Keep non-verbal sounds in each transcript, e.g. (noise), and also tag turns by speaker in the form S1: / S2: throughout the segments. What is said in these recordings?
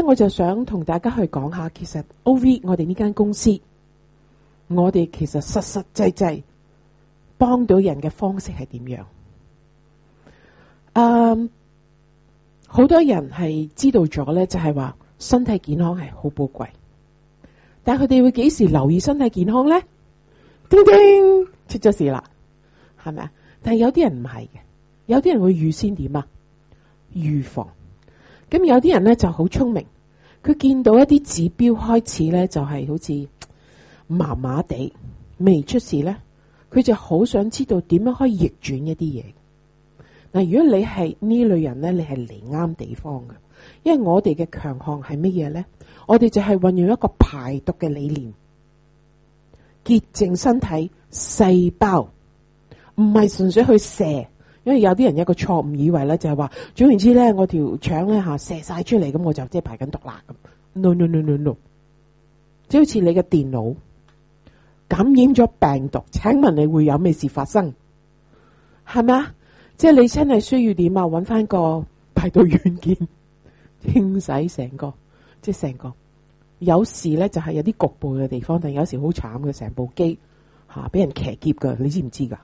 S1: 咧，我就想同大家去講下，其實 OV 我哋呢間公司，我哋其實實實際際幫到人嘅方式係點樣？嗯，好多人係知道咗咧，就係話身體健康係好寶貴，但係佢哋會幾時留意身體健康咧？叮叮，出咗事啦，係咪啊？但係有啲人唔係嘅，有啲人會預先點啊？預防。咁有啲人咧就好聰明，佢見到一啲指標開始咧就係好似麻麻地，未出事咧，佢就好想知道點樣可以逆轉一啲嘢。嗱，如果你係呢類人咧，你係嚟啱地方嘅，因為我哋嘅強項係乜嘢咧？我哋就係運用一個排毒嘅理念，潔淨身體細胞，唔係純粹去射。因為有啲人一個錯誤以為咧就係話，總言之咧我條腸咧吓射晒出嚟，咁我就即係排緊毒啦。咁 no, no no no no no，就好似你嘅電腦感染咗病毒，請問你會有咩事發生？係咪啊？即係你真係需要點啊？揾翻個排毒軟件清洗成個，即係成個。有時咧就係有啲局部嘅地方，但有時好慘嘅，成部機吓俾人騎劫噶，你知唔知噶？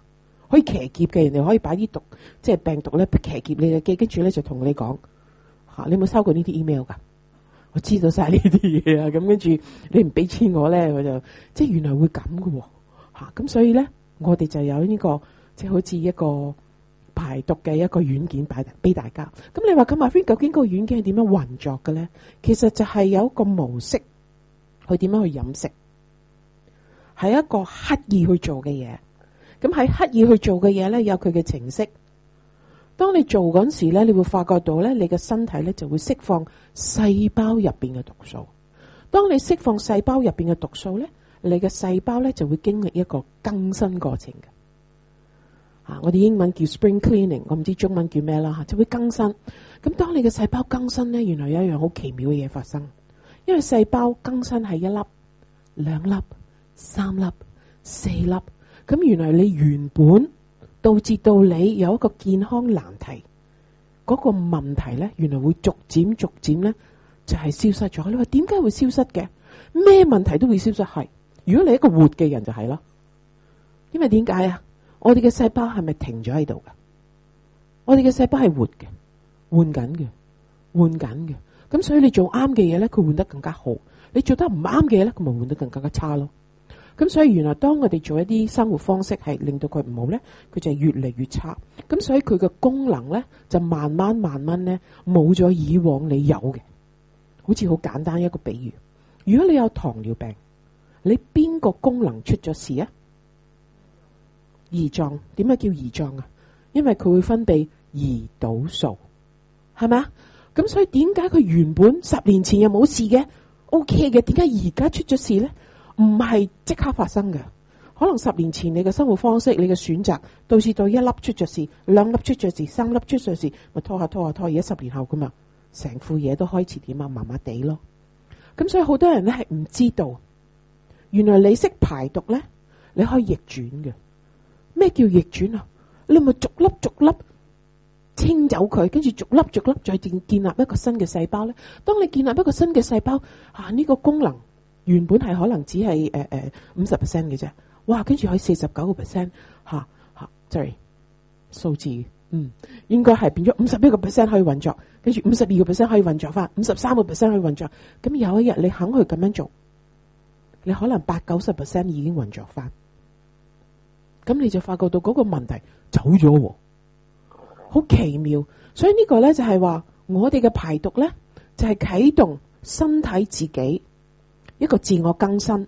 S1: 可以騎劫嘅人哋可以擺啲毒，即係病毒咧騎劫你嘅機，跟住咧就同你講，吓你有冇收過呢啲 email 噶？我知道晒呢啲嘢啊，咁跟住你唔俾錢我咧，我就即係原來會咁嘅，吓咁所以咧，我哋就有呢、這個即係好似一個排毒嘅一個軟件擺俾大家。咁你話咁阿 Vin 究竟個軟件係點樣運作嘅咧？其實就係有一個模式，佢點樣去飲食，係一個刻意去做嘅嘢。咁喺刻意去做嘅嘢咧，有佢嘅程式。當你做嗰時咧，你會發覺到咧，你嘅身體咧就會釋放細胞入邊嘅毒素。當你釋放細胞入邊嘅毒素咧，你嘅細胞咧就會經歷一個更新過程嘅吓、啊。我哋英文叫 spring cleaning，我唔知中文叫咩啦吓，就會更新。咁當你嘅細胞更新咧，原來有一樣好奇妙嘅嘢發生，因為細胞更新係一粒、兩粒、三粒、四粒。咁原來你原本導致到你有一個健康難題，嗰個問題咧，原來會逐漸逐漸咧就係消失咗。你話點解會消失嘅？咩問題都會消失？係如果你係一個活嘅人就係囉，因為點解啊？我哋嘅細胞係咪停咗喺度噶？我哋嘅細胞係活嘅，換緊嘅，換緊嘅。咁所以你做啱嘅嘢咧，佢換得更加好；你做得唔啱嘅嘢咧，佢咪換得更加嘅差咯。咁所以原來當我哋做一啲生活方式係令到佢唔好咧，佢就越嚟越差。咁所以佢嘅功能咧就慢慢慢慢咧冇咗以往你有嘅，好似好簡單一個比喻。如果你有糖尿病，你邊個功能出咗事啊？胰臟點解叫胰臟啊？因為佢會分泌胰島素，係咪啊？咁所以點解佢原本十年前又冇事嘅，OK 嘅？點解而家出咗事咧？唔係即刻發生嘅，可能十年前你嘅生活方式，你嘅選擇，到時到一粒出咗事，兩粒出咗事，三粒出咗事，咪拖下拖下拖，著拖著，而家十年後咁啊，成副嘢都開始點啊，麻麻地咯。咁所以好多人咧係唔知道，原來你識排毒咧，你可以逆轉嘅。咩叫逆轉啊？你咪逐粒逐粒清走佢，跟住逐粒逐粒再建建立一個新嘅細胞咧。當你建立一個新嘅細胞，吓，啊，呢，呢個功能。原本係可能只係誒誒五十 percent 嘅啫，哇！跟住可以四十九個 percent 吓吓，sorry 數字嗯，應該係變咗五十一個 percent 可以運作，跟住五十二個 percent 可以運作翻，五十三個 percent 可以運作。咁有一日你肯去咁樣做，你可能八九十 percent 已經運作翻，咁你就發覺到嗰個問題走咗啊，好奇妙。所以呢個咧就係話我哋嘅排毒咧就係啟動身體自己。一個自我更新，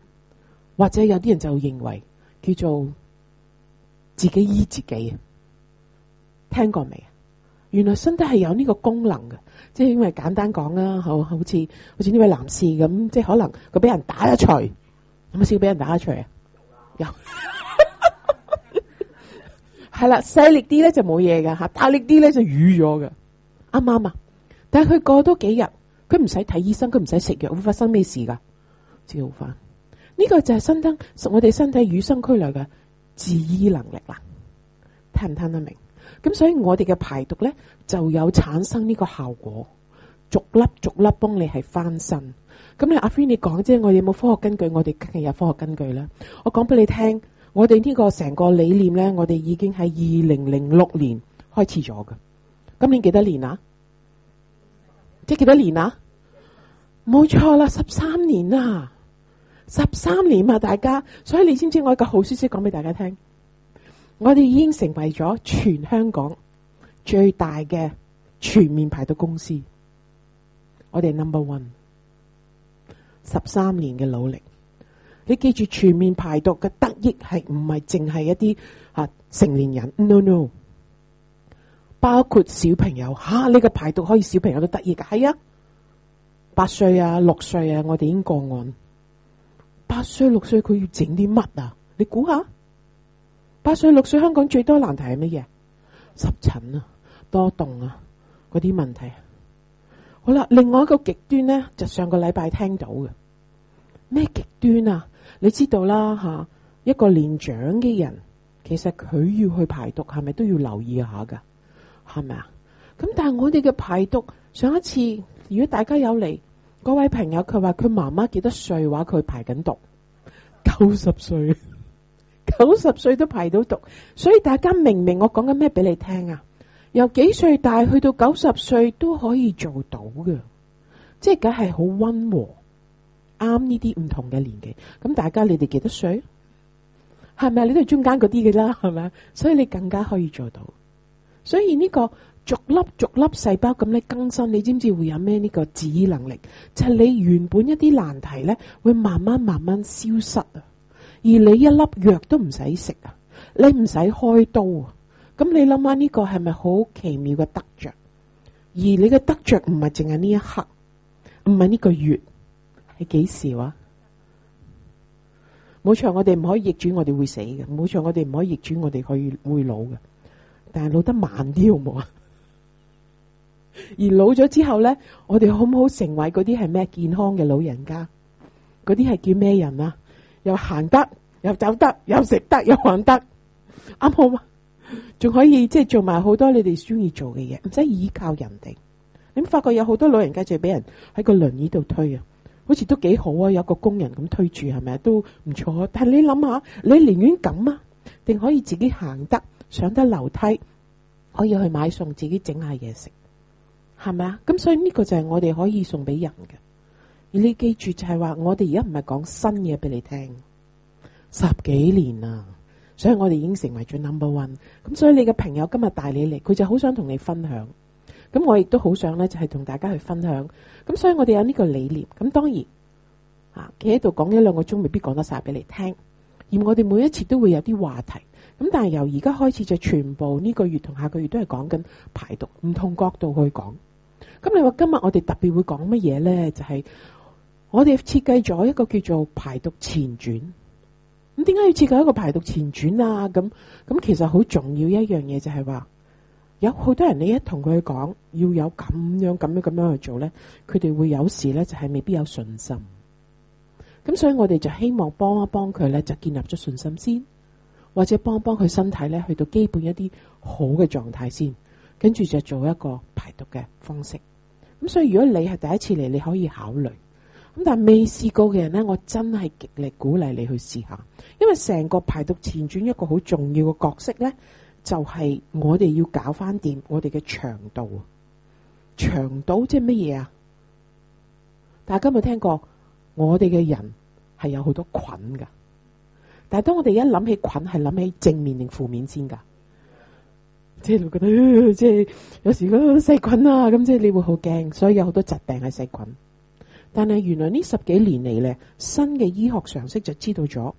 S1: 或者有啲人就會認為叫做自己醫自己啊。聽過未啊？原來身體係有呢個功能嘅，即係因為簡單講啦，好好似好似呢位男士咁，即係可能佢俾人打一錘，有冇先俾人打了 (laughs) (laughs) 一錘啊？有係啦，細力啲咧就冇嘢噶吓，大力啲咧就瘀咗嘅，啱唔啱啊？但係佢過多幾日，佢唔使睇醫生，佢唔使食藥，會發生咩事噶？照翻呢個就係新增我哋身體與生俱來嘅自愈能力啦，聽唔聽得明？咁所以我哋嘅排毒咧就有產生呢個效果，逐粒逐粒幫你係翻身。咁你阿飛你講啫，我哋有冇科學根據？我哋梗係有科學根據啦。我講俾你聽，我哋呢個成個理念咧，我哋已經喺二零零六年開始咗嘅。今年幾多年啊？即幾多年啊？冇錯啦，十三年啦！十三年啊，大家，所以你知唔知我一個好消息講俾大家聽，我哋已經成為咗全香港最大嘅全面排毒公司，我哋 number one，十三年嘅努力，你記住全面排毒嘅得益係唔係淨係一啲啊成年人，no no，包括小朋友，吓，呢個排毒可以小朋友都得益噶係啊，八歲啊、六歲啊，我哋已經個案。八歲六歲佢要整啲乜啊？你估下？八歲六歲香港最多難題係乜嘢？濕疹啊，多動啊，嗰啲問題。好啦，另外一個極端咧，就上個禮拜聽到嘅咩極端啊？你知道啦吓，啊，一個年長嘅人，其實佢要去排毒，係咪都要留意下噶？係咪啊？咁但係我哋嘅排毒，上一次如果大家有嚟。各位朋友，佢話佢媽媽幾多歲話佢排緊毒，九十歲，九十歲, (laughs) 九十歲都排到毒，所以大家明唔明我講緊咩俾你聽啊？由幾歲大去到九十歲都可以做到嘅，即係梗係好温和，啱呢啲唔同嘅年紀。咁大家你哋幾多歲？係咪你都係中間嗰啲嘅啦，係咪？所以你更加可以做到。所以呢個。逐粒逐粒細胞咁咧更新，你知唔知會有咩呢個自愈能力？就係，你原本一啲難題咧，會慢慢慢慢消失啊！而你一粒藥都唔使食啊，你唔使開刀啊！咁你諗下呢，呢個係咪好奇妙嘅得着？而你嘅得着唔係淨係呢一刻，唔係呢個月，係幾時啊？冇錯，我哋唔可以逆轉，我哋會死嘅。冇錯，我哋唔可以逆轉，我哋可以會老嘅，但係老得慢啲好唔好啊？而老咗之後咧，我哋好唔好成為嗰啲係咩健康嘅老人家？嗰啲係叫咩人啊？又行得，又走得，又食得，又玩得，啱好嘛？仲可以即係做埋好多你哋中意做嘅嘢，唔使依靠人哋。你咪發覺有好多老人家就係俾人喺個輪椅度推啊，好似都幾好啊。有個工人咁推住係咪都唔錯？但係你諗下，你寧願咁啊，定可以自己行得上得樓梯，可以去買餸，自己整下嘢食？係咪啊？咁所以呢個就係我哋可以送俾人嘅。而你記住就係話，我哋而家唔係講新嘢俾你聽，十幾年啦。所以我哋已經成為咗 number one。咁所以你嘅朋友今日帶你嚟，佢就好想同你分享。咁我亦都好想咧，就係同大家去分享。咁所以我哋有呢個理念。咁當然，啊，企喺度講一兩個鐘，未必講得晒俾你聽。而我哋每一次都會有啲話題。咁但係由而家開始就全部呢個月同下個月都係講緊排毒，唔同角度去講。咁你話今日我哋特別會講乜嘢咧？就係我哋設計咗一個叫做排毒前傳。咁點解要設計一個排毒前傳啊？咁咁其實好重要一樣嘢就係話，有好多人你一同佢講要有咁樣咁樣咁樣去做咧，佢哋會有時咧就係未必有信心。咁所以我哋就希望幫一幫佢咧，就建立咗信心先，或者幫一幫佢身體咧，去到基本一啲好嘅狀態先。跟住就做一個排毒嘅方式，咁所以如果你係第一次嚟，你可以考慮。咁但係未試過嘅人呢，我真係極力鼓勵你去試下，因為成個排毒前轉一個好重要嘅角色呢，就係我哋要搞翻掂我哋嘅腸道。腸道即係乜嘢啊？大家有冇聽過？我哋嘅人係有好多菌噶，但係當我哋一諗起菌，係諗起正面定負面先噶？即係會覺得、哎、即係有時嗰啲細菌啊，咁即係你會好驚，所以有好多疾病係細菌。但係原來呢十幾年嚟咧，新嘅醫學常識就知道咗，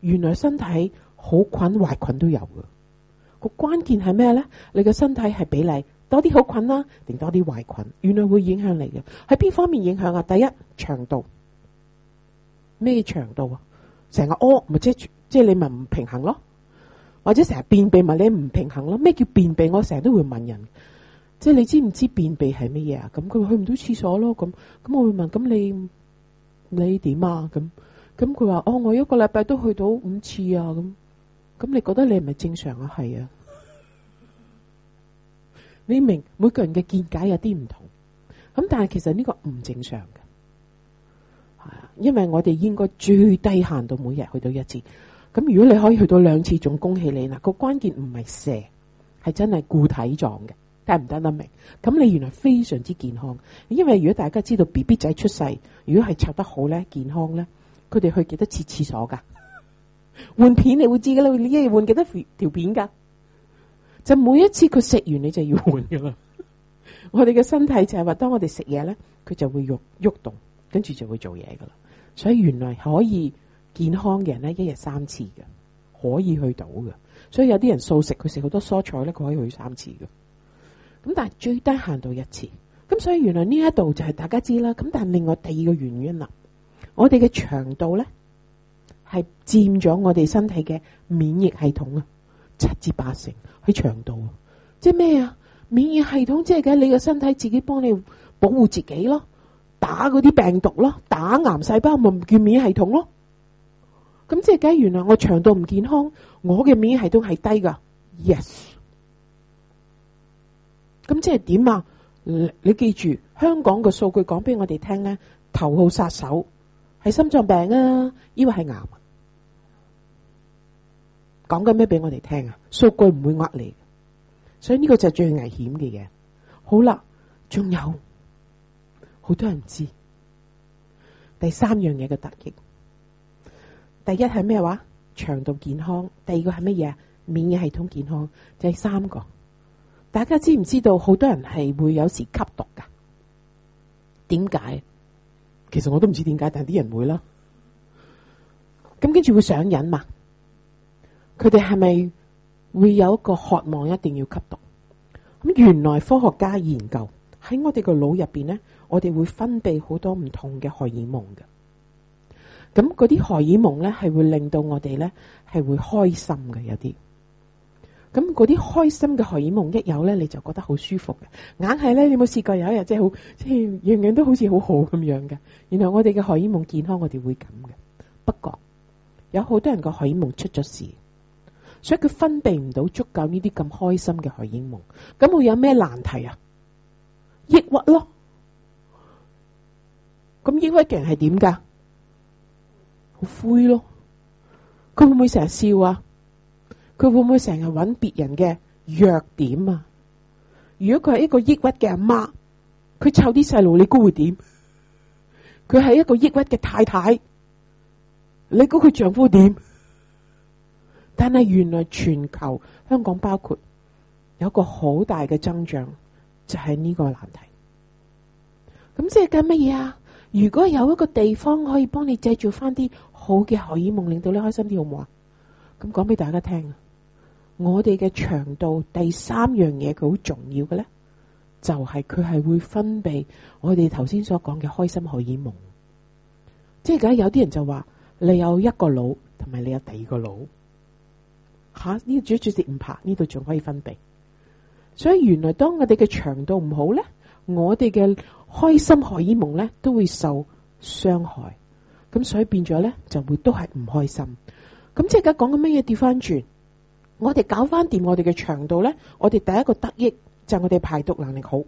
S1: 原來身體好菌壞菌都有噶。個關鍵係咩咧？你嘅身體係比例多啲好菌啦、啊，定多啲壞菌？原來會影響你嘅。喺邊方面影響啊？第一，腸道。咩腸道啊？成個屙咪遮住，即、就、係、即係、你咪唔平衡咯。或者成日便秘，問你唔平衡咯？咩叫便秘？我成日都會問人，即係你知唔知便秘係乜嘢啊？咁佢去唔到廁所咯？咁咁我會問，咁你你點啊？咁咁佢話哦，我一個禮拜都去到五次啊！咁咁你覺得你係咪正常啊？係啊，你明每個人嘅見解有啲唔同，咁但係其實呢個唔正常嘅，係啊，因為我哋應該最低限度每日去到一次。咁如果你可以去到兩次，仲恭喜你啦！個關鍵唔係蛇，係真係固體狀嘅，聽唔聽得明？咁你原來非常之健康，因為如果大家知道 B B 仔出世，如果係湊得好咧，健康咧，佢哋去幾多次廁所噶？ (laughs) 換片你會知嘅啦，你一日換幾多條片噶？就每一次佢食完你就要換噶啦。 (laughs) (laughs) 我哋嘅身體就係、是、話，當我哋食嘢咧，佢就會喐喐動，跟住就，就會做嘢噶啦。所以原來可以。健康嘅人咧，一日三次嘅可以去到嘅，所以有啲人素食佢食好多蔬菜咧，佢可以去三次嘅。咁但係最低限度一次咁，所以原來呢一度就係大家知啦。咁但係另外第二個原因啦，我哋嘅腸道咧係佔咗我哋身體嘅免疫系統啊，七至八成喺腸道啊，即係咩啊？免疫系統即係嘅你個身體自己幫你保護自己咯，打嗰啲病毒咯，打癌細胞咪唔叫免疫系統咯。咁即係梗，原來我腸道唔健康，我嘅免疫系統係低噶。Yes，咁即係點啊？你記住香港嘅數據講俾我哋聽咧，頭號殺手係心臟病啊，亦或係癌啊。講緊咩俾我哋聽啊？數據唔會呃你，所以呢個就係最危險嘅嘢。好啦，仲有，好多人唔知第三樣嘢嘅突擊。第一係咩話？腸道健康，第二個係乜嘢？免疫系統健康。第三個，大家知唔知道？好多人係會有時吸毒噶，點解？其實我都唔知點解，但係啲人會啦。咁跟住會上癮嘛？佢哋係咪會有一個渴望，一定要吸毒？咁原來科學家研究喺我哋個腦入邊呢，我哋會分泌好多唔同嘅荷爾蒙嘅。咁嗰啲荷爾蒙咧，係會令到我哋咧，係會開心嘅有啲。咁嗰啲開心嘅荷爾蒙一有咧，你就覺得好舒服嘅。硬係咧，你有冇試過有一日即係好即係樣樣都好似好好咁樣嘅？然後我哋嘅荷爾蒙健康我哋會咁嘅，不過有好多人嘅荷爾蒙出咗事，所以佢分泌唔到足夠呢啲咁開心嘅荷爾蒙，咁會有咩難題啊？抑鬱咯，咁抑鬱嘅人係點噶？好灰咯，佢會唔會成日笑啊？佢會唔會成日揾別人嘅弱點啊？如果佢係一個抑鬱嘅阿媽，佢湊啲細路，你估會點？佢係一個抑鬱嘅太太，你估佢丈夫會點？但係原來全球香港包括有個好大嘅增長，就係呢個難題。咁即係計乜嘢啊？如果有一個地方可以幫你製造翻啲，好嘅荷爾蒙令到你開心啲好唔好啊？咁講俾大家聽，我哋嘅腸道第三樣嘢佢好重要嘅呢，就係佢係會分泌我哋頭先所講嘅開心荷爾蒙。即係而家有啲人就話，你有一個腦同埋你有第二個腦，吓呢個主主節唔拍呢度仲可以分泌。所以原來當我哋嘅腸道唔好呢，我哋嘅開心荷爾蒙呢，都會受傷害。咁所以變咗咧，就會都係唔開心。咁即係而家講緊乜嘢？調翻轉，我哋搞翻掂我哋嘅長度咧。我哋第一個得益就係、是、我哋排毒能力好，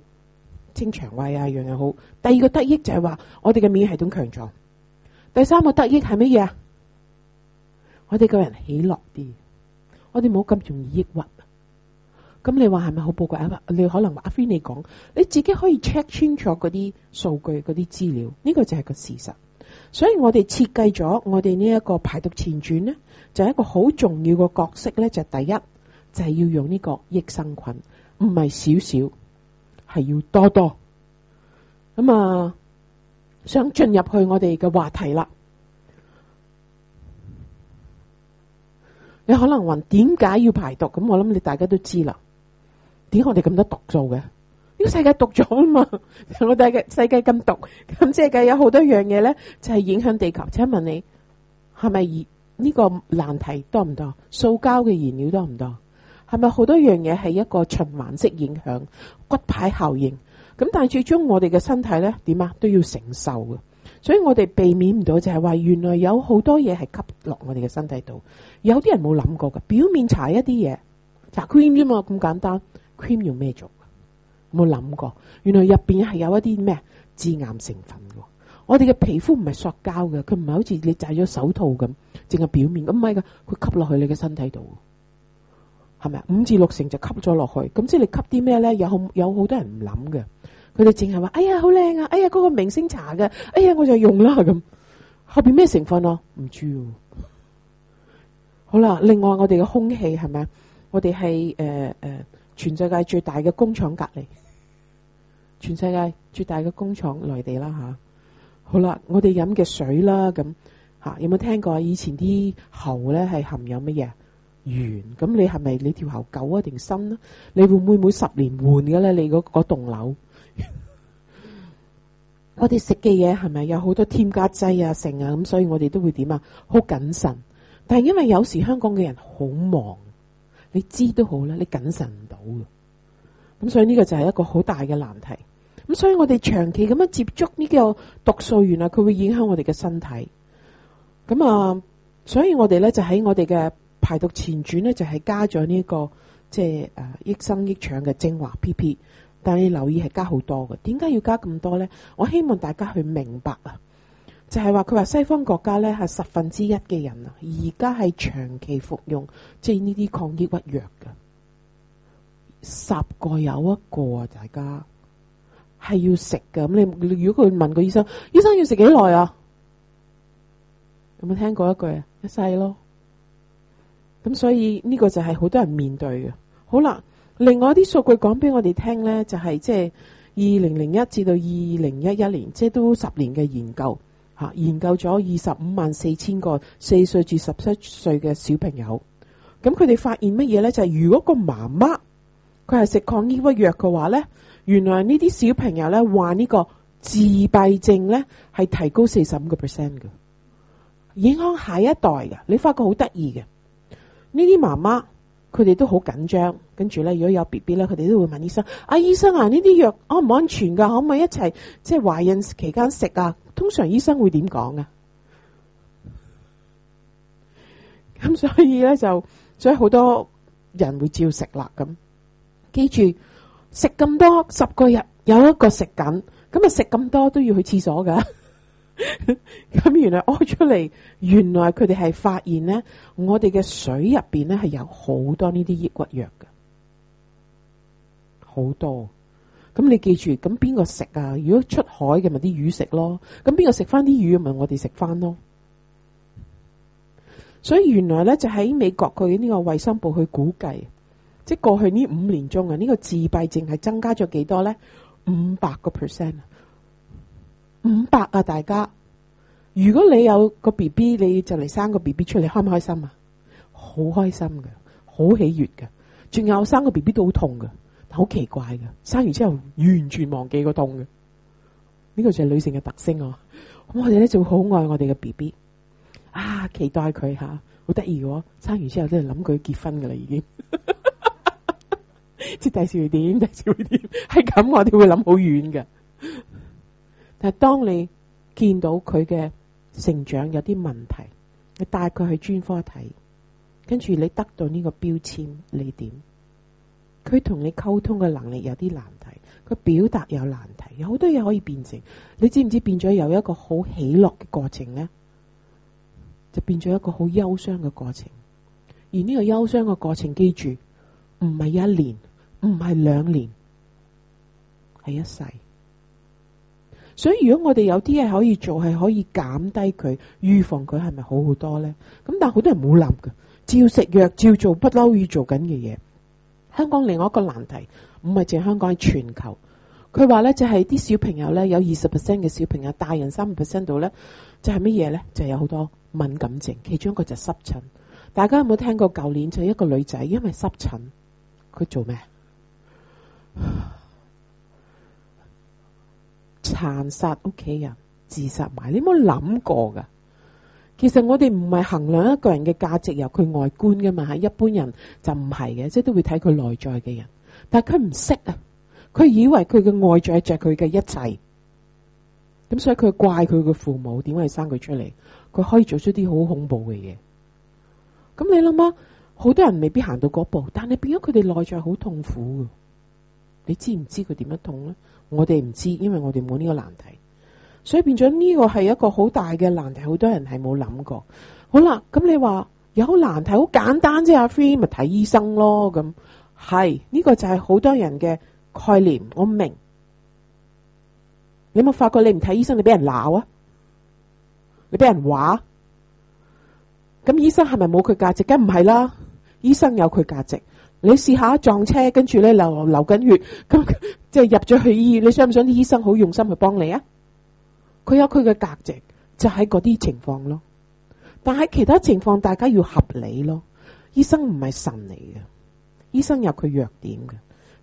S1: 清腸胃啊樣樣好。第二個得益就係話我哋嘅免疫系統強壯。第三個得益係乜嘢啊？我哋個人喜樂啲，我哋冇咁容易抑鬱。咁你話係咪好寶貴啊？你可能阿飛你講，你自己可以 check 清楚嗰啲數據、嗰啲資料，呢、這個就係個事實。所以我哋設計咗我哋呢一個排毒前傳咧，就係一個好重要嘅角色咧，就係第一就係要用呢個益生菌，唔係少少，係要多多。咁啊，想進入去我哋嘅話題啦。你可能問點解要排毒？咁我諗你大家都知啦。點解我哋咁多毒素嘅？呢世界毒咗啊嘛，我哋嘅世界咁毒，咁即係嘅有好多樣嘢咧，就係影響地球。請問你係咪呢個難題多唔多？塑膠嘅燃料多唔多？係咪好多樣嘢係一個循環式影響骨牌效應？咁但係最終我哋嘅身體咧點啊都要承受嘅，所以我哋避免唔到就係話原來有好多嘢係吸落我哋嘅身體度，有啲人冇諗過嘅，表面搽一啲嘢搽 cream 啫嘛，咁簡單 cream 用咩做？冇諗過？原來入邊係有一啲咩致癌成分嘅？我哋嘅皮膚唔係塑膠嘅，佢唔係好似你戴咗手套咁，淨係表面咁咪噶？佢吸落去你嘅身體度，係咪啊？五至六成就吸咗落去。咁即係你吸啲咩咧？有好有好多人唔諗嘅，佢哋淨係話：哎呀好靚啊！哎呀嗰，嗰個明星搽嘅，哎呀我就用啦咁。後邊咩成分啊？唔知，啊。好啦，另外我哋嘅空氣係咪啊？我哋係誒誒。呃呃全世界最大嘅工廠隔籬，全世界最大嘅工廠內地啦吓、啊。好啦，我哋飲嘅水啦咁吓，有冇聽過以前啲喉咧係含有乜嘢鉛？咁你係咪你條喉舊啊定深、啊？咧？你會唔會每十年換嘅咧？你嗰嗰棟樓， (laughs) 我哋食嘅嘢係咪有好多添加劑啊剩啊咁？所以我哋都會點啊，好謹慎。但係因為有時香港嘅人好忙。你知都好啦，你謹慎唔到嘅，咁，所以呢個就係一個好大嘅難題。咁所以我哋長期咁樣接觸呢個毒素源啊，佢會影響我哋嘅身體。咁啊，所以我哋咧就喺我哋嘅排毒前轉咧就係加咗呢個即係誒益生益腸嘅精華 P P，但係留意係加好多嘅。點解要加咁多咧？我希望大家去明白啊。就係話佢話西方國家咧係十分之一嘅人啊，而家係長期服用即係呢啲抗抑鬱藥噶，十個有一個啊，大家係要食嘅咁。你如果佢問個醫生，醫生要食幾耐啊？有冇聽過一句啊？一世咯。咁所以呢個就係好多人面對嘅。好啦，另外一啲數據講俾我哋聽咧，就係即係二零零一至到二零一一年，即係都十年嘅研究。研究咗二十五萬四千個四歲至十七歲嘅小朋友，咁佢哋發現乜嘢咧？就係、是、如果個媽媽佢係食抗抑鬱藥嘅話咧，原來呢啲小朋友咧患呢個自閉症咧係提高四十五個 percent 嘅，影響下一代嘅。你發覺好得意嘅呢啲媽媽，佢哋都好緊張，跟住咧，如果有 BB 咧，佢哋都會問醫生：阿、啊、醫生啊，呢啲藥安唔安全噶？可唔可以一齊即係懷孕期間食啊？通常醫生會點講啊？咁所以咧就，所以好多人會照食啦。咁記住食咁多十個日有一個食緊，咁啊食咁多都要去廁所噶。咁 (laughs) 原來屙出嚟，原來佢哋係發現咧，我哋嘅水入邊咧係有好多呢啲抑鬱藥嘅，好多。咁你記住，咁邊個食啊？如果出海嘅，咪啲魚食咯。咁邊個食翻啲魚，咪我哋食翻咯。所以原來咧就喺美國佢呢個衛生部去估計，即係過去呢五年中啊，呢個自閉症係增加咗幾多咧？五百個 percent，五百啊！大家，如果你有個 B B，你就嚟生個 B B 出嚟，開唔開心啊？好開心嘅，好喜悅嘅。仲有生個 B B 都好痛嘅。好奇怪嘅，生完之後完全忘記個痛嘅，呢個就係女性嘅特性啊！咁我哋咧就好愛我哋嘅 B B，啊，期待佢吓，好得意嘅，生完之後真係諗佢結婚嘅啦，已經，即第二笑點，第二笑點係咁，我哋會諗好遠嘅。但係當你見到佢嘅成長有啲問題，你帶佢去專科睇，跟住你得到呢個標籤，你點？佢同你溝通嘅能力有啲難題，佢表達有難題，有好多嘢可以變成，你知唔知變咗有一個好喜樂嘅過程呢？就變咗一個好憂傷嘅過程。而呢個憂傷嘅過程，記住唔係一年，唔係兩年，係一世。所以如果我哋有啲嘢可以做，係可以減低佢，預防佢，係咪好好多呢？咁但係好多人冇諗噶，照食藥，照做不嬲要做緊嘅嘢。香港另外一個難題，唔係淨係香港係全球。佢話咧就係、是、啲小朋友咧有二十 percent 嘅小朋友，大人三 percent 度咧就係乜嘢咧？就係、是就是、有好多敏感症，其中一個就濕疹。大家有冇聽過？舊年就一個女仔因為濕疹，佢做咩？唉殘殺屋企人，自殺埋。你有冇諗過噶？其實我哋唔係衡量一個人嘅價值由佢外觀㗎嘛，係一般人就唔係嘅，即係都會睇佢內在嘅人。但係佢唔識啊，佢以為佢嘅外在係著佢嘅一切，咁所以佢怪佢嘅父母點解生佢出嚟，佢可以做出啲好恐怖嘅嘢。咁你諗啊，好多人未必行到嗰步，但係變咗佢哋內在好痛苦。你知唔知佢點樣痛咧？我哋唔知，因為我哋冇呢個難題。所以變咗呢個係一個好大嘅難題，好多人係冇諗過。好啦，咁你話有難題好簡單啫，啊，阿 Free 咪睇醫生咯。咁係呢個就係好多人嘅概念，我明。你有冇發覺你唔睇醫生，你俾人鬧啊？你俾人話？咁醫生係咪冇佢價值？梗唔係啦，醫生有佢價值。你試下撞車，跟住咧流流緊血，咁即係入咗去醫院，你想唔想啲醫生好用心去幫你啊？佢有佢嘅價值，就喺嗰啲情況咯。但係其他情況，大家要合理咯。醫生唔係神嚟嘅，醫生有佢弱點嘅。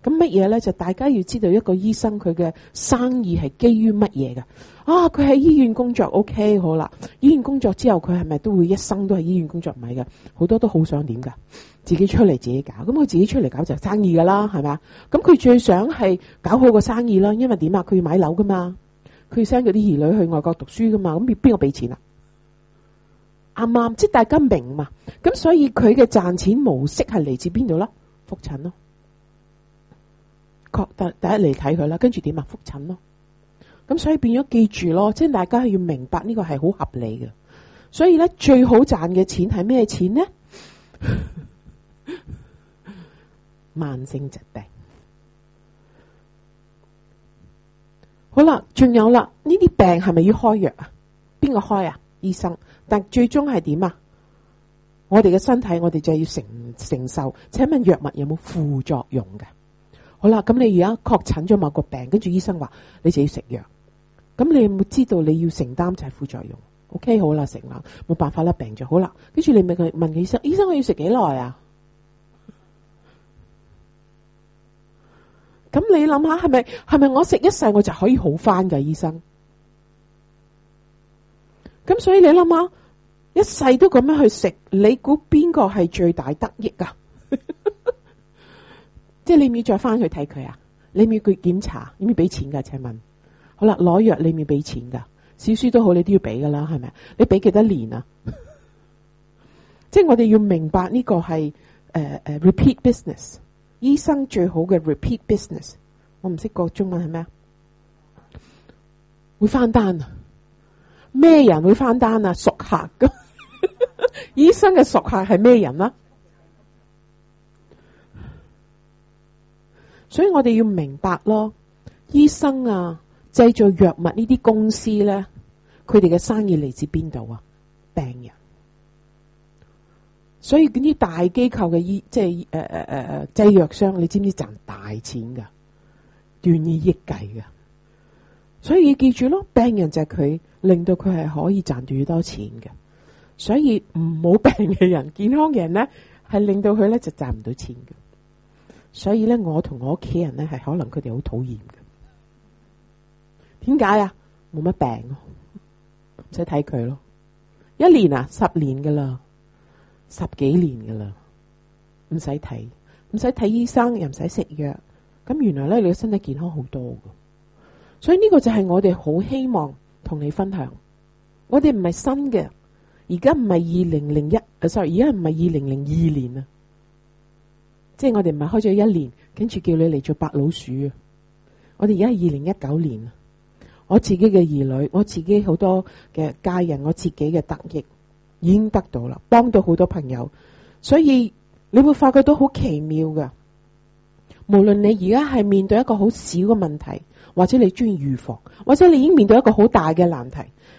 S1: 咁乜嘢咧？就大家要知道一個醫生佢嘅生意係基於乜嘢㗎？啊，佢喺醫院工作 OK，好啦。醫院工作之後，佢係咪都會一生都喺醫院工作？唔係㗎，好多都好想點噶，自己出嚟自己搞。咁佢自己出嚟搞就生意噶啦，係咪啊？咁佢最想係搞好個生意啦，因為點啊？佢要買樓噶嘛。佢 send 佢啲兒女去外國讀書噶嘛，咁邊邊個俾錢啊？啱啱即係大家明嘛？咁所以佢嘅賺錢模式係嚟自邊度啦？複診咯，確第第一嚟睇佢啦，跟住點啊？複診咯，咁所以變咗記住咯，即係大家係要明白呢個係好合理嘅。所以咧最好賺嘅錢係咩錢呢？ (laughs) 慢性疾病。好啦，仲有啦，呢啲病係咪要開藥啊？邊個開啊？醫生，但最終係點啊？我哋嘅身體，我哋就要承承受，請問藥物有冇副作用嘅？好啦，咁你而家確診咗某個病，跟住醫生話你就要食藥，咁你有冇知道你要承擔就係副作用？OK，好啦，成啦，冇辦法啦，病咗好啦，跟住你問佢，問醫生，醫生，我要食幾耐啊？咁你諗下係咪係咪我食一世我就可以好翻嘅醫生？咁所以你諗下，一世都咁樣去食，你估邊個係最大得益啊？ (laughs) 即係你咪要再翻去睇佢啊？你咪要佢檢查，你咪要俾錢噶？請問，好啦，攞藥你咪要俾錢噶？小書都好，你都要俾噶啦，係咪？你俾幾多年啊？ (laughs) 即係我哋要明白呢個係誒誒 repeat business。醫生最好嘅 repeat business，我唔識講中文係咩啊？會翻單啊？咩人會翻單啊？熟客㗎， (laughs) 醫生嘅熟客係咩人啦、啊？所以我哋要明白咯，醫生啊，製造藥物呢啲公司咧，佢哋嘅生意嚟自邊度啊？病人。所以嗰啲大機構嘅醫即係誒誒誒誒製藥商，你知唔知賺大錢噶，斷以億計噶。所以要記住咯，病人就係佢令到佢係可以賺到好多錢嘅。所以唔冇病嘅人，健康嘅人咧係令到佢咧就賺唔到錢嘅。所以咧，我同我屋企人咧係可能佢哋好討厭嘅。點解啊？冇乜病，唔使睇佢咯。一年啊，十年噶啦。十幾年噶啦，唔使睇，唔使睇醫生，又唔使食藥，咁原來咧你嘅身體健康好多噶，所以呢個就係我哋好希望同你分享。我哋唔係新嘅，而家唔係二零零一，sorry，而家唔係二零零二年啊，即係我哋唔係開咗一年，跟住叫你嚟做白老鼠。我哋而家係二零一九年啊，我自己嘅兒女，我自己好多嘅家人，我自己嘅得益，已經得到啦，幫到好多朋友，所以你會發覺到好奇妙噶。無論你而家係面對一個好小嘅問題，或者你鍾意預防，或者你已經面對一個好大嘅難題，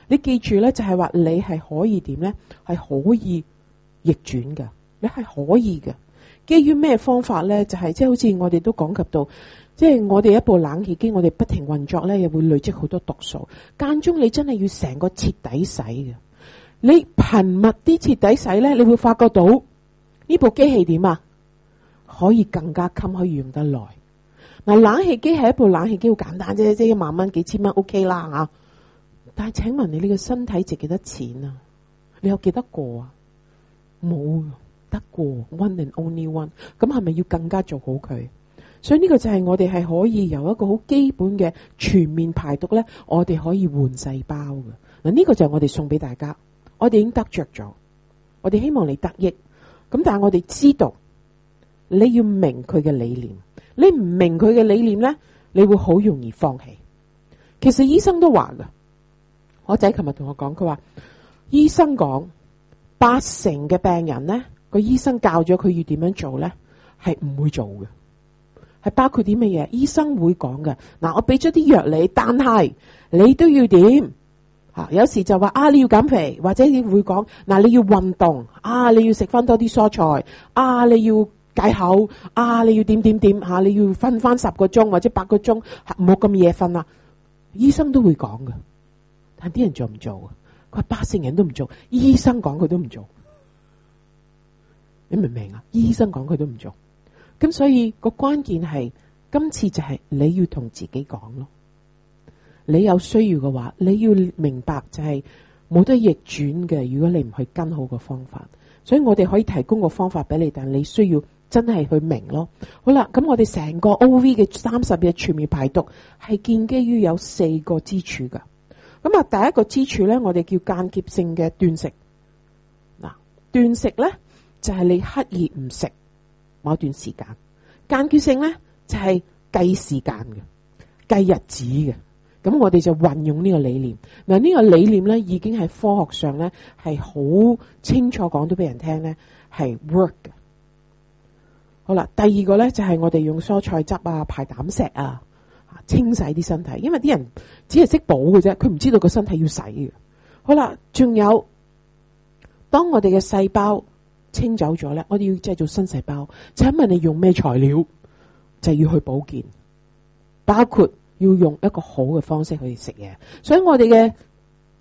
S1: 你記住咧，就係話你係可以點咧？係可以逆轉噶，你係可以嘅。基於咩方法咧？就係即係好似我哋都講及到，即係我哋一部冷氣機，我哋不停運作咧，又會累積好多毒素。間中你真係要成個徹底洗嘅。你頻密啲徹底洗咧，你會發覺到呢部機器點啊？可以更加襟，可以用得耐嗱、啊。冷氣機係一部冷氣機，好簡單啫，即係一萬蚊幾千蚊，O K 啦吓。但係，請問你呢個身體值幾多錢啊？你有幾多個啊？冇得過 one and only one 咁，係咪要更加做好佢？所以呢個就係我哋係可以由一個好基本嘅全面排毒咧，我哋可以換細胞嘅嗱。呢個就係我哋送俾大家。我哋已經得着咗，我哋希望你得益。咁但係我哋知道，你要明佢嘅理念。你唔明佢嘅理念咧，你會好容易放棄。其實醫生都話㗎，我仔琴日同我講，佢話醫生講八成嘅病人咧，個醫生教咗佢要點樣做咧，係唔會做嘅。係包括啲乜嘢？醫生會講嘅。嗱，我俾咗啲藥你，但係你都要點？吓，有時就話啊，你要減肥，或者你會講嗱，你要運動啊，你要食翻多啲蔬菜啊，你要戒、啊、口啊，你要點點點吓、啊，你要瞓翻十個鐘或者八個鐘，唔好咁夜瞓啦。醫生都會講嘅，但啲人做唔做啊？佢話八成人都唔做，醫生講佢都唔做，你明唔明啊？醫生講佢都唔做，咁所以個關鍵係今次就係你要同自己講咯。你有需要嘅話，你要明白就係冇得逆轉嘅。如果你唔去跟好個方法，所以我哋可以提供個方法俾你，但係你需要真係去明咯。好啦，咁我哋成個 O V 嘅三十日全面排毒係建基於有四個支柱噶。咁啊，第一個支柱咧，我哋叫間歇性嘅斷食。嗱，斷食咧就係你刻意唔食某段時間，間歇性咧就係計時間嘅，計日子嘅。咁我哋就運用呢個理念，嗱，呢個理念咧已經喺科學上咧係好清楚講到俾人聽咧係 work 嘅。好啦，第二個咧就係我哋用蔬菜汁啊、排膽石啊、清洗啲身體，因為啲人只係識補嘅啫，佢唔知道個身體要洗嘅。好啦，仲有當我哋嘅細胞清走咗咧，我哋要製造新細胞。請問你用咩材料就要去保健，包括。要用一個好嘅方式去食嘢，所以我哋嘅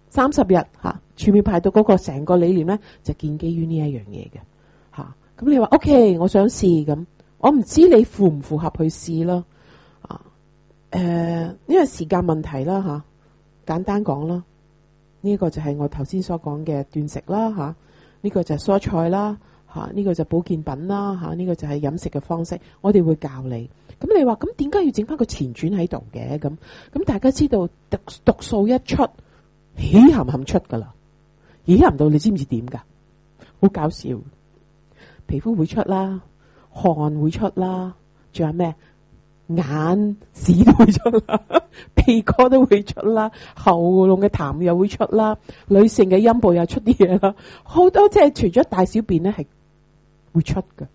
S1: 三十日嚇全面排毒嗰個成個理念咧就建基於呢一樣嘢嘅嚇。咁、啊嗯、你話 OK，我想試咁，我唔知你符唔符合去試啦啊？誒、呃，因為時間問題啦嚇、啊，簡單講啦，呢、這、一個就係我頭先所講嘅斷食啦嚇，呢、啊這個就係蔬菜啦。嚇，呢、啊這個就保健品啦嚇，呢、啊這個就係飲食嘅方式。我哋會教你。咁、啊、你話咁點解要整翻個前傳喺度嘅咁？咁、啊啊、大家知道毒素一出，起含含，含出噶啦。起含到你知唔知點㗎？好搞笑，皮膚會出啦，汗會出啦，仲有咩眼屎都會出啦，鼻哥都會出啦，喉嚨嘅痰又會出啦，女性嘅陰部又出啲嘢啦，好多即係除咗大小便咧係。會出噶，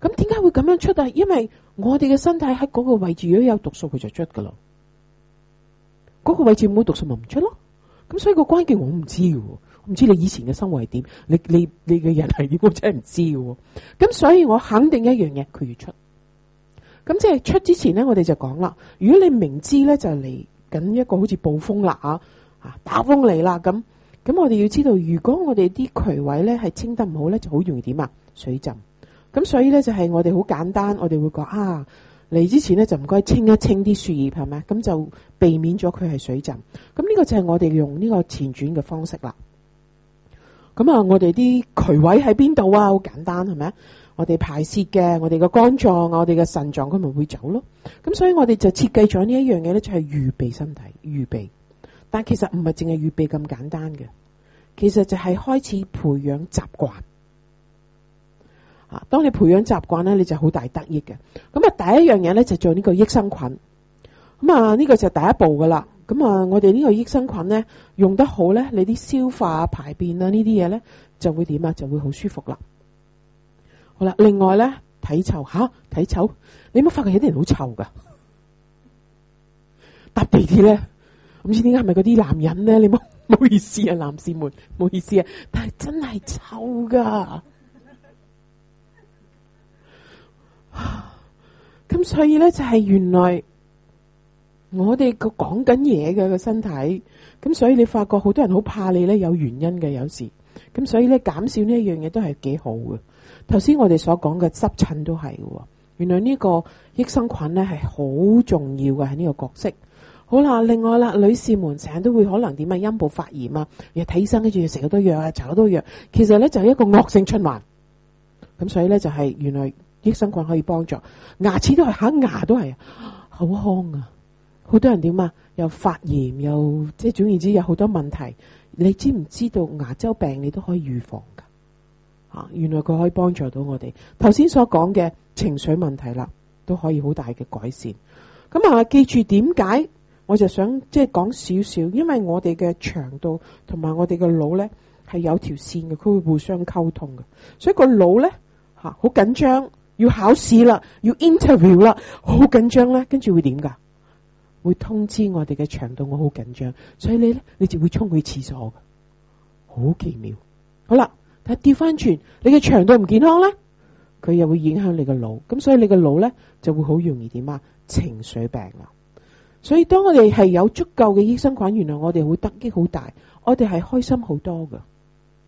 S1: 咁點解會咁樣出啊？因為我哋嘅身體喺嗰個位置如果有毒素，佢就出噶咯。嗰個位置冇毒素咪唔出咯。咁所以個關鍵我唔知嘅，我唔知你以前嘅生活係點，你你你嘅人係點，我真係唔知嘅。咁所以我肯定一樣嘢，佢要出。咁即係出之前咧，我哋就講啦。如果你明知咧，就嚟緊一個好似暴風啦，啊啊打風嚟啦咁。咁我哋要知道，如果我哋啲渠位咧係清得唔好咧，就好容易點啊？水浸，咁所以咧就係我哋好簡單，我哋會講啊，嚟之前咧就唔該清一清啲樹葉係咪？咁就避免咗佢係水浸。咁呢個就係我哋用呢個前轉嘅方式啦。咁啊，我哋啲渠位喺邊度啊？好簡單係咪？我哋排泄嘅，我哋嘅肝臟、我哋嘅腎臟，佢咪會走咯。咁所以我哋就設計咗呢一樣嘢咧，就係預備身體，預備。但其實唔係淨係預備咁簡單嘅，其實就係開始培養習慣。啊！當你培養習慣咧，你就好大得益嘅。咁啊，第一樣嘢咧就做呢個益生菌。咁啊，呢個就第一步噶啦。咁啊，我哋呢個益生菌咧用得好咧，你啲消化、排便啊呢啲嘢咧就會點啊，就會好舒服啦。好啦，另外咧體臭吓，體、啊、臭，你冇發覺有人好臭噶？搭地鐵咧，唔知點解係咪嗰啲男人咧？你冇，唔好意思啊，男士們，唔好意思啊，但係真係臭噶。咁、啊、所以咧，就係原來我哋個講緊嘢嘅個身體咁，所以你發覺好多人好怕你咧，有原因嘅。有時咁，所以咧減少呢一樣嘢都係幾好嘅。頭先我哋所講嘅濕疹都係嘅，原來呢個益生菌咧係好重要嘅喺呢個角色。好啦，另外啦，女士們成日都會可能點啊，陰部發炎啊，要睇醫生跟住食好多藥啊，搽好多藥。其實咧就係一個惡性循環咁，所以咧就係原來。益生菌可以幫助牙齒都係，啃牙都係口腔啊。好多人點啊？又發炎，又即係，總言之有好多問題。你知唔知道牙周病你都可以預防噶啊？原來佢可以幫助到我哋頭先所講嘅情緒問題啦，都可以好大嘅改善。咁、嗯、啊，記住點解我就想即係講少少，因為我哋嘅腸道同埋我哋嘅腦咧係有條線嘅，佢會互相溝通嘅，所以個腦咧吓好緊張。要考試啦，要 interview 啦，好緊張咧。跟住會點噶？會通知我哋嘅腸道，我好緊張。所以你咧，你就會沖去廁所嘅，好奇妙。好啦，但係調翻轉，你嘅腸道唔健康咧，佢又會影響你嘅腦。咁所以你嘅腦咧就會好容易點啊？情緒病啦。所以當我哋係有足夠嘅益生菌，原來我哋會得益好大，我哋係開心好多嘅，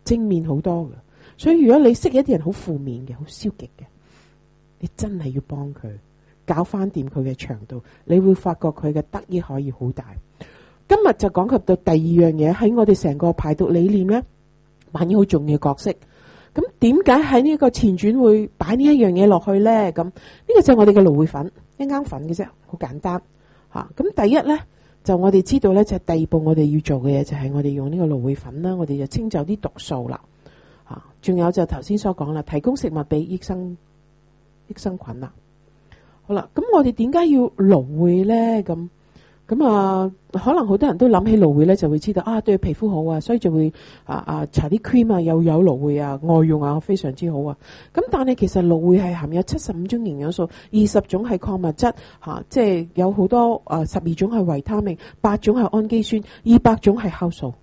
S1: 正面好多嘅。所以如果你識一啲人好負面嘅，好消極嘅。你真係要幫佢搞翻掂佢嘅腸道，你會發覺佢嘅得益可以好大。今日就講及到第二樣嘢，喺我哋成個排毒理念咧，扮演好重要角色。咁點解喺呢個前轉會擺呢一樣嘢落去咧？咁、這、呢個就我哋嘅蘆薈粉一啱粉嘅啫，好簡單吓。咁、啊、第一咧就我哋知道咧，就係，第二步我哋要做嘅嘢就係我哋用呢個蘆薈粉啦，我哋就清走啲毒素啦。吓、啊，仲有就頭先所講啦，提供食物俾醫生。益生菌啦，好啦，咁我哋點解要蘆薈咧？咁咁啊，可能好多人都諗起蘆薈咧，就會知道啊，對皮膚好啊，所以就會啊啊搽啲 cream 啊，又有蘆薈啊，外用啊，非常之好啊。咁但係其實蘆薈係含有七十五種營養素，二十種係礦物質，吓、啊，即係有好多啊，十二種係維他命，八種係氨基酸，二百種係酵素，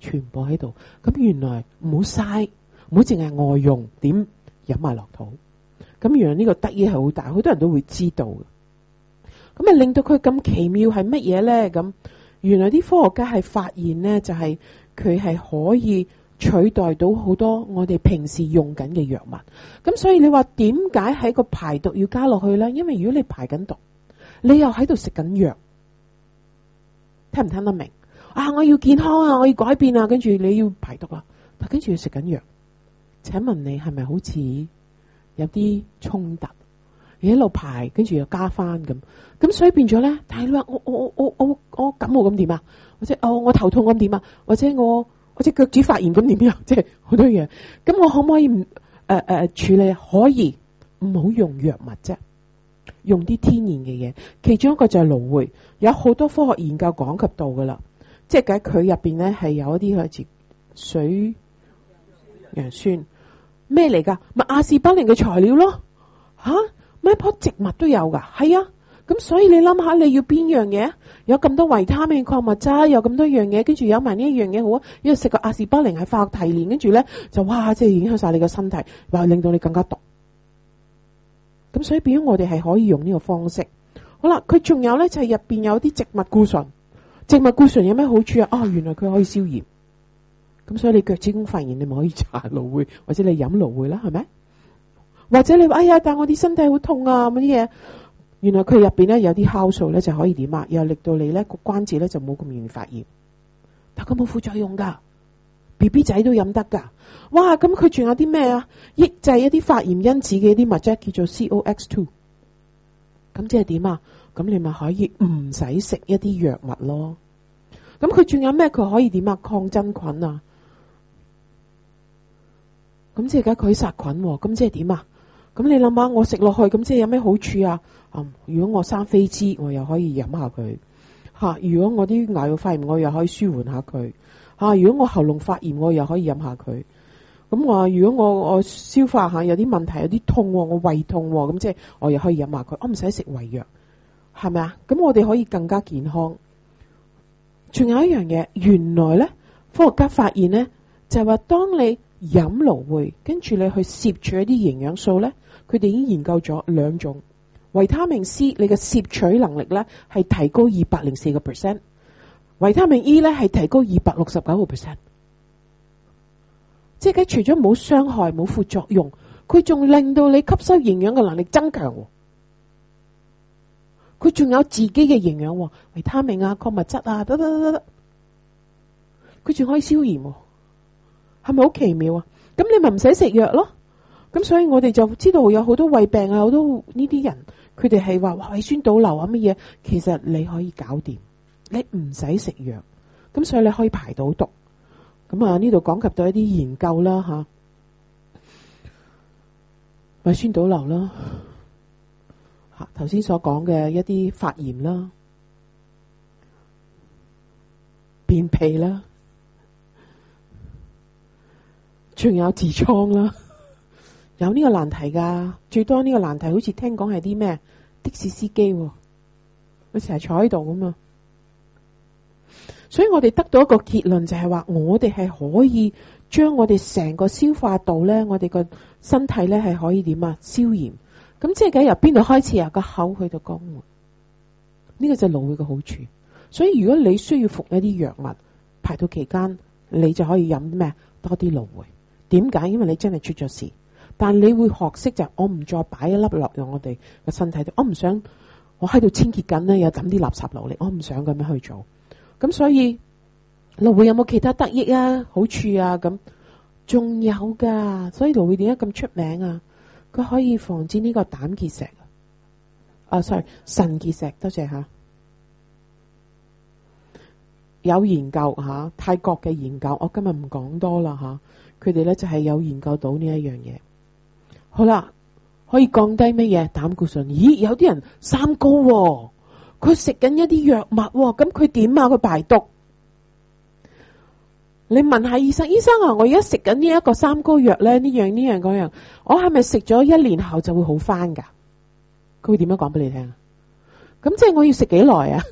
S1: 全部喺度。咁原來唔好嘥，唔好淨係外用，點飲埋落肚？咁原來呢個得意係好大，好多人都會知道嘅。咁啊，令到佢咁奇妙係乜嘢咧？咁原來啲科學家係發現呢，就係佢係可以取代到好多我哋平時用緊嘅藥物。咁所以你話點解喺個排毒要加落去咧？因為如果你排緊毒，你又喺度食緊藥，聽唔聽得明啊？我要健康啊，我要改變啊，跟住你要排毒啊，跟住要食緊藥，請問你係咪好似？有啲衝突，而一路排，跟住又加翻咁，咁所以變咗咧。但係你話我我我我我我感冒咁點啊？或者哦我頭痛咁點啊？或者我我隻腳趾發炎咁點樣？即係好多嘢。咁我可唔可以唔誒誒處理？可以唔好用藥物啫，用啲天然嘅嘢。其中一個就係蘆薈，有好多科學研究講及到噶啦，即係喺佢入邊咧係有一啲好似水楊酸。咩嚟噶？咪、就是、阿士巴寧嘅材料咯，吓、啊，每一樖植物都有噶，係啊。咁所以你諗下，你要邊樣嘢？有咁多維他命礦物質，有咁多樣嘢，跟住有埋呢一樣嘢好啊。因為食個阿士巴寧係化學提煉，跟住咧就哇，即係影響晒你個身體，話令到你更加毒。咁所以，變咗我哋係可以用呢個方式。好啦，佢仲有咧就係入邊有啲植物固醇，植物固醇有咩好處啊？哦，原來佢可以消炎。咁所以你腳趾公發炎，你咪可以搽蘆薈，或者你飲蘆薈啦，係咪？或者你話哎呀，但我啲身體好痛啊，咁啲嘢，原來佢入邊咧有啲酵素咧就可以點啊？又令到你咧個關節咧就冇咁容易發炎，但係佢冇副作用噶，B B 仔都飲得噶。哇，咁佢仲有啲咩啊？抑制一啲發炎因子嘅一啲物質叫做 C O X two，咁即係點啊？咁你咪可以唔使食一啲藥物咯。咁佢仲有咩？佢可以點啊？抗真菌啊？咁即係佢殺菌，咁即係點啊？咁你諗下，我食落去咁即係有咩好處啊、嗯？啊，如果我生痱滋，我又可以飲下佢吓；如果我啲牙肉發炎，我又可以舒緩下佢吓、啊；如果我喉嚨發炎，我又可以飲下佢。咁、啊、我如果我我消化下，有啲問題有啲痛，我胃痛，咁即係我又可以飲下佢，我唔使食胃藥，係咪啊？咁我哋可以更加健康。仲有一樣嘢，原來咧，科學家發現咧，就係、是、話當你。飲蘆薈，跟住你去攝取一啲營養素呢，佢哋已經研究咗兩種維他命 C，你嘅攝取能力呢係提高二百零四個 percent，維他命 E 呢係提高二百六十九個 percent。即係佢除咗冇傷害冇副作用，佢仲令到你吸收營養嘅能力增強。佢仲有自己嘅營養維他命啊、礦物質啊，得得得得，佢仲可以消炎。係咪好奇妙啊？咁你咪唔使食藥咯。咁所以我哋就知道有好多胃病啊，好多呢啲人佢哋係話哇，胃酸倒流啊乜嘢，其實你可以搞掂，你唔使食藥。咁所以你可以排到毒。咁啊呢度講及到一啲研究啦吓，胃酸倒流啦，吓頭先所講嘅一啲發炎啦，便秘啦。仲有痔瘡啦， (laughs) 有呢個難題噶。最多呢個難題好，好似聽講係啲咩的士司機、啊，佢成日坐喺度咁嘛。所以我哋得到一個結論，就係話我哋係可以將我哋成個消化道咧，我哋個身體咧係可以點啊消炎。咁即係咁由邊度開始啊？個口去到肛門，呢、這個就係蘆薈嘅好處。所以如果你需要服一啲藥物排到期間，你就可以飲咩多啲蘆薈。點解？因為你真係出咗事，但你會學識就我唔再擺一粒落用我哋嘅身體度，我唔想我喺度清潔緊咧又抌啲垃圾落嚟，我唔想咁樣去做。咁所以蘆薈有冇其他得益啊？好處啊？咁仲有噶？所以蘆薈點解咁出名啊？佢可以防止呢個膽結石啊！啊，sorry，腎結石，多謝吓。有研究吓、啊，泰國嘅研究，我今日唔講多啦吓。啊佢哋咧就係有研究到呢一樣嘢，好啦，可以降低咩嘢膽固醇？咦，有啲人三高、哦，佢食緊一啲藥物，咁佢點啊？佢排毒？你問下醫生，醫生啊，我而家食緊呢一個三高藥咧，呢樣呢樣嗰樣，我係咪食咗一年後就會好翻噶？佢會點樣講俾你聽？咁即係我要食幾耐啊？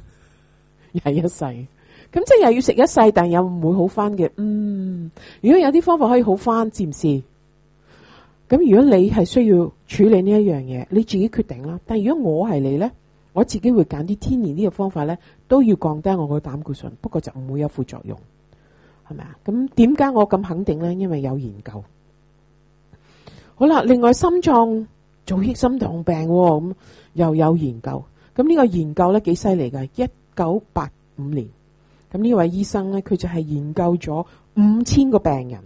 S1: 又係 (laughs) 一世。咁即係又要食一世，但係又唔會好翻嘅。嗯，如果有啲方法可以好翻，知唔知？咁如果你係需要處理呢一樣嘢，你自己決定啦。但係如果我係你咧，我自己會揀啲天然呢個方法咧，都要降低我個膽固醇，不過就唔會有副作用，係咪啊？咁點解我咁肯定咧？因為有研究。好啦，另外心臟早期心臟病咁又有研究，咁呢個研究咧幾犀利噶，一九八五年。咁呢位醫生呢，佢就係研究咗五千個病人，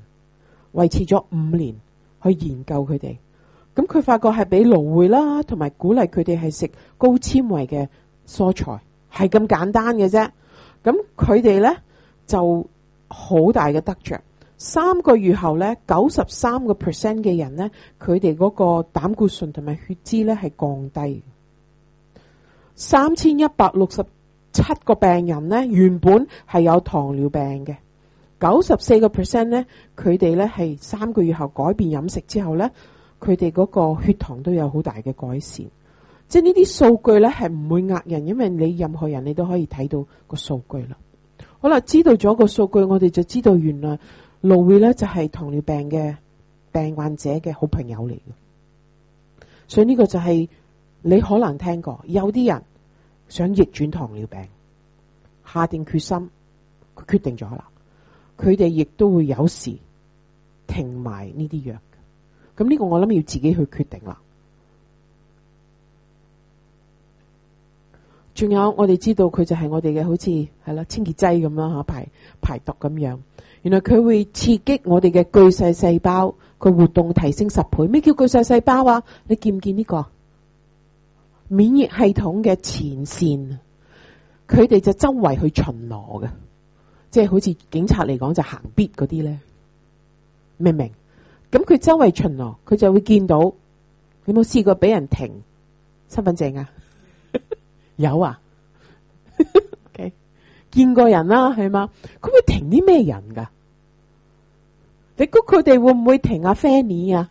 S1: 維持咗五年去研究佢哋。咁佢發覺係俾蘆薈啦，同埋鼓勵佢哋係食高纖維嘅蔬菜，係咁簡單嘅啫。咁佢哋呢就好大嘅得着。三個月後呢，九十三個 percent 嘅人呢，佢哋嗰個膽固醇同埋血脂呢係降低。三千一百六十，七個病人呢，原本係有糖尿病嘅，九十四個 percent 呢，佢哋呢係三個月後改變飲食之後呢，佢哋嗰個血糖都有好大嘅改善。即係呢啲數據呢，係唔會呃人，因為你任何人你都可以睇到個數據啦。好啦，知道咗個數據，我哋就知道原來蘆薈呢就係糖尿病嘅病患者嘅好朋友嚟嘅。所以呢個就係、是、你可能聽過有啲人。想逆轉糖尿病，下定決心，佢決定咗啦。佢哋亦都會有時停埋呢啲藥，咁、這、呢個我諗要自己去決定啦。仲有我哋知道佢就係我哋嘅，好似係啦清潔劑咁啦，吓排排毒咁樣。原來佢會刺激我哋嘅巨細細胞個活動提升十倍。咩叫巨細細胞啊？你見唔見呢、這個？免疫系統嘅前線，佢哋就周圍去巡邏嘅，即係好似警察嚟講就行必嗰啲咧，明唔明？咁佢周圍巡邏，佢就會見到。你有冇試過俾人停身份證啊？ (laughs) 有啊， (laughs) 見過人啦、啊，係嘛？佢會停啲咩人㗎？你估佢哋會唔會停阿 Fanny 啊？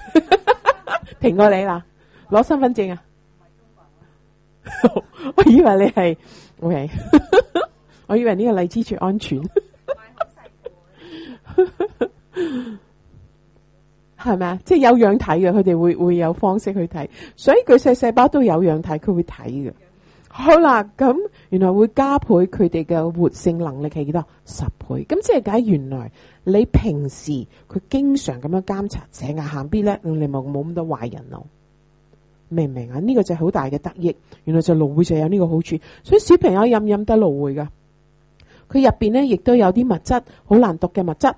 S1: (laughs) 停過你啦。攞身份證啊！ (laughs) 我以為你係，OK， (laughs) 我以為呢個荔枝最安全，係咪啊？即係有樣睇嘅，佢哋會會有方式去睇，所以佢細細胞都有樣睇，佢會睇嘅。嗯、好啦，咁原來會加倍佢哋嘅活性能力係幾多？十倍咁，即係解原來你平時佢經常咁樣監察，成日行邊咧，嗯、你冇冇咁多壞人咯？明唔明啊？呢、這個就好大嘅得益，原來就蘆薈就有呢個好處，所以小朋友飲唔飲得蘆薈噶，佢入邊咧亦都有啲物質，好難讀嘅物質，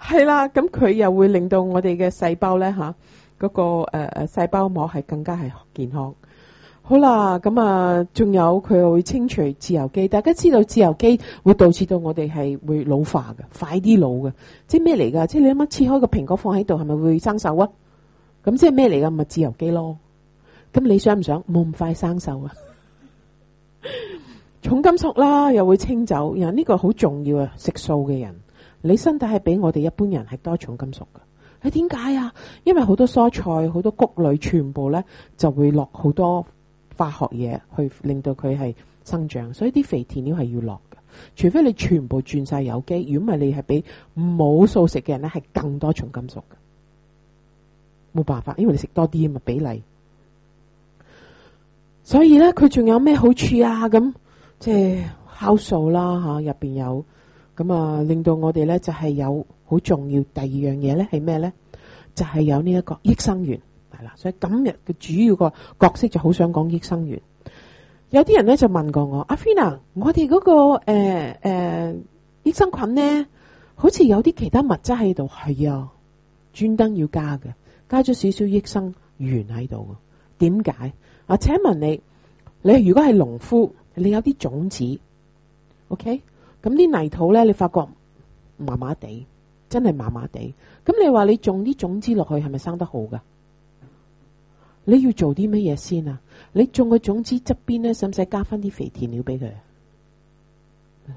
S1: 係 (laughs) (laughs) (laughs) 啦，咁佢又會令到我哋嘅細胞咧吓，嗰、啊那個誒誒、呃、細胞膜係更加係健康。好啦，咁啊，仲有佢會清除自由基。大家知道自由基會導致到我哋係會老化嘅，快啲老嘅。即係咩嚟噶？即係你啱啱切開個蘋果放喺度，係咪會生銹啊？咁即係咩嚟噶？咪、就是、自由基咯。咁你想唔想冇咁快生銹啊？ (laughs) 重金屬啦，又會清走。然後呢個好重要啊，食素嘅人，你身體係比我哋一般人係多重金屬嘅。係點解啊？因為好多蔬菜、好多穀類，全部咧就會落好多。化學嘢去令到佢係生長，所以啲肥田料係要落嘅。除非你全部轉晒有機，如果唔係你係比冇素食嘅人咧，係更多重金屬嘅，冇辦法，因為你食多啲啊嘛比例。所以咧，佢仲有咩好處啊？咁即係酵素啦吓，入邊有咁啊，令到我哋咧就係有好重要第二樣嘢咧，係咩咧？就係有呢一個益生元。係啦，所以今日嘅主要個角色就好想講益生元。有啲人咧就問過我，阿菲娜，我哋嗰、那個誒誒、呃呃、益生菌咧，好似有啲其他物質喺度，係啊、嗯，專登要加嘅，加咗少少益生元喺度。點解啊？請問你，你如果係農夫，你有啲種子，OK，咁啲泥土咧，你發覺麻麻地，真係麻麻地。咁你話你種啲種子落去，係咪生得好噶？你要做啲乜嘢先啊？你種個種子側邊咧，使唔使加返啲肥田料俾佢？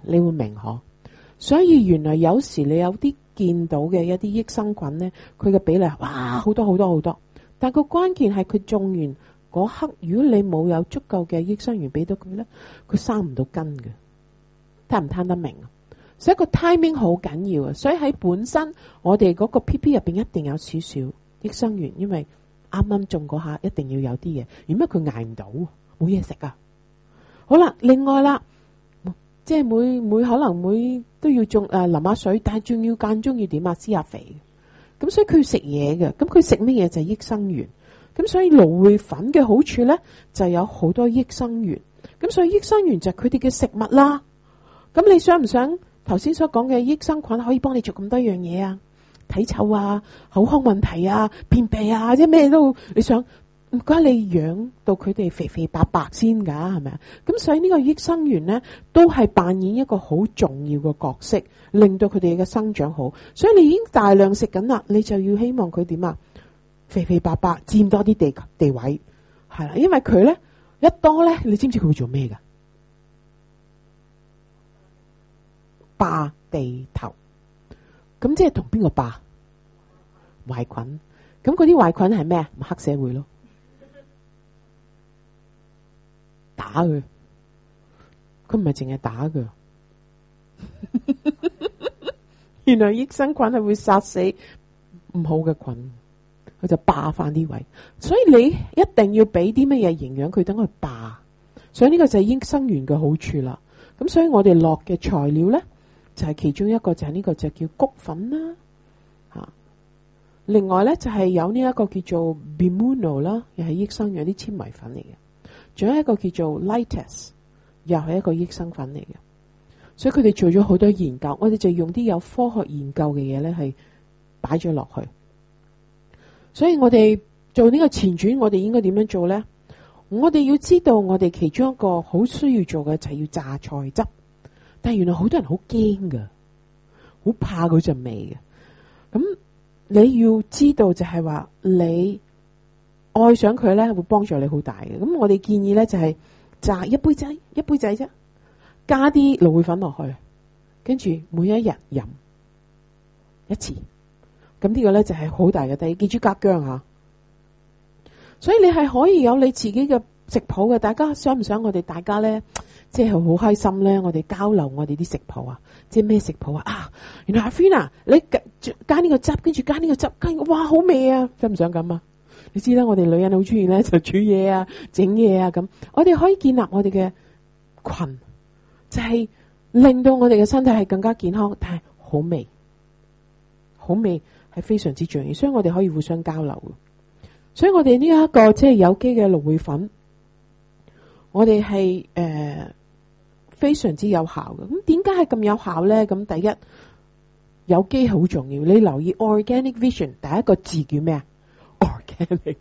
S1: 你會明嗬？所以原來有時你有啲見到嘅一啲益生菌咧，佢嘅比例哇好多好多好多。但個關鍵係佢種完嗰刻，如果你冇有足夠嘅益生元俾到佢咧，佢生唔到根嘅。睇唔睇得明啊？所以個 timing 好緊要啊！所以喺本身我哋嗰個 PP 入邊一定有少少益生元，因為。啱啱種嗰下一定要有啲嘢，如果佢捱唔到，冇嘢食啊。好啦，另外啦，即係每每可能每都要種啊、呃、淋下水，但係仲要間中要點啊施下肥。咁所以佢要食嘢嘅，咁佢食咩嘢就係、是、益生元。咁所以蘆薈粉嘅好處咧，就有好多益生元。咁所以益生元就係佢哋嘅食物啦。咁你想唔想頭先所講嘅益生菌可以幫你做咁多樣嘢啊？體臭啊、口腔問題啊、便秘啊，即係咩都你想，唔該你養到佢哋肥肥白白先噶，係咪啊？咁所以呢個益生元咧，都係扮演一個好重要嘅角色，令到佢哋嘅生長好。所以你已經大量食緊啦，你就要希望佢點啊？肥肥白白佔多啲地地位，係啦，因為佢咧一多咧，你知唔知佢會做咩噶？霸地頭。咁即係同邊個霸？壞菌，咁嗰啲壞菌係咩？就是，黑社會咯，打佢，佢唔係淨係打佢。 (laughs) 原來益生菌係會殺死唔好嘅菌，佢就霸翻啲位。所以你一定要俾啲乜嘢營養佢，等佢霸。所以呢個就係益生元嘅好處啦。咁所以我哋落嘅材料咧。就係其中一個就係呢個就叫菊粉啦，吓。另外咧，就係有呢一個叫做 Bimuno 啦，又係益生菌啲纖維粉嚟嘅。仲有一個叫做 Lites，又係一個益生粉嚟嘅。所以佢哋做咗好多研究，我哋就用啲有科學研究嘅嘢咧，係擺咗落去。所以我哋做，做呢個前傳，我哋應該點樣做咧？我哋要知道我哋其中一個好需要做嘅，就係要榨菜汁。但係原來好多人好驚噶，好怕佢陣味嘅。咁你要知道就係話你愛上佢咧，會幫助你好大嘅。咁我哋建議咧就係扎一杯仔，一杯仔啫，加啲蘆薈粉落去，跟住每一日飲一次。咁呢個咧就係好大嘅，但係記住隔姜吓。所以你係可以有你自己嘅。食譜嘅，大家想唔想我哋大家咧，即係好開心咧。我哋交流我哋啲食譜啊，即係咩食譜啊？啊，原來阿 Fina 你加呢個汁，跟住加呢個汁，跟、呢個、哇，好味啊！真想唔想咁啊？你知啦，我哋女人好中意咧，就煮嘢啊，整嘢啊咁。我哋可以建立我哋嘅群，就係、是、令到我哋嘅身體係更加健康，但係好味，好味係非常之重要，所以我哋可以互相交流。所以我哋呢一個即係、就是、有機嘅蘆薈粉。我哋係誒非常之有效嘅，咁點解係咁有效咧？咁第一有機好重要，你留意 Organic Vision，第一個字叫咩啊？Organic，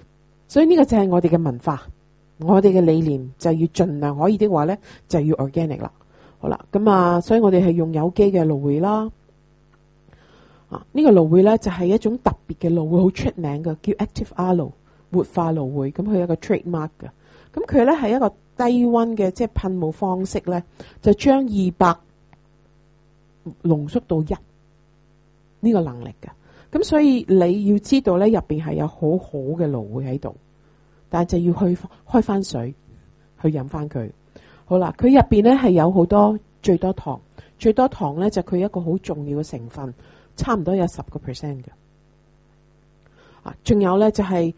S1: (laughs) 所以呢個就係我哋嘅文化，我哋嘅理念就要盡量可以的話咧，就要 Organic 啦。好啦，咁啊，所以我哋係用有機嘅蘆薈啦。啊，這個、呢個蘆薈咧就係、是、一種特別嘅蘆薈，好出名嘅，叫 Active Aloe 活化蘆薈，咁佢有個 trademark 嘅。咁佢咧係一個低溫嘅，即係噴霧方式咧，就將二百濃縮到一呢個能力嘅。咁所以你要知道咧，入邊係有好好嘅蘆薈喺度，但係就要去開翻水去飲翻佢。好啦，佢入邊咧係有好多最多糖，最多糖咧，就佢係一個好重要嘅成分，差唔多有十個 percent 嘅。啊，仲有咧就係、是。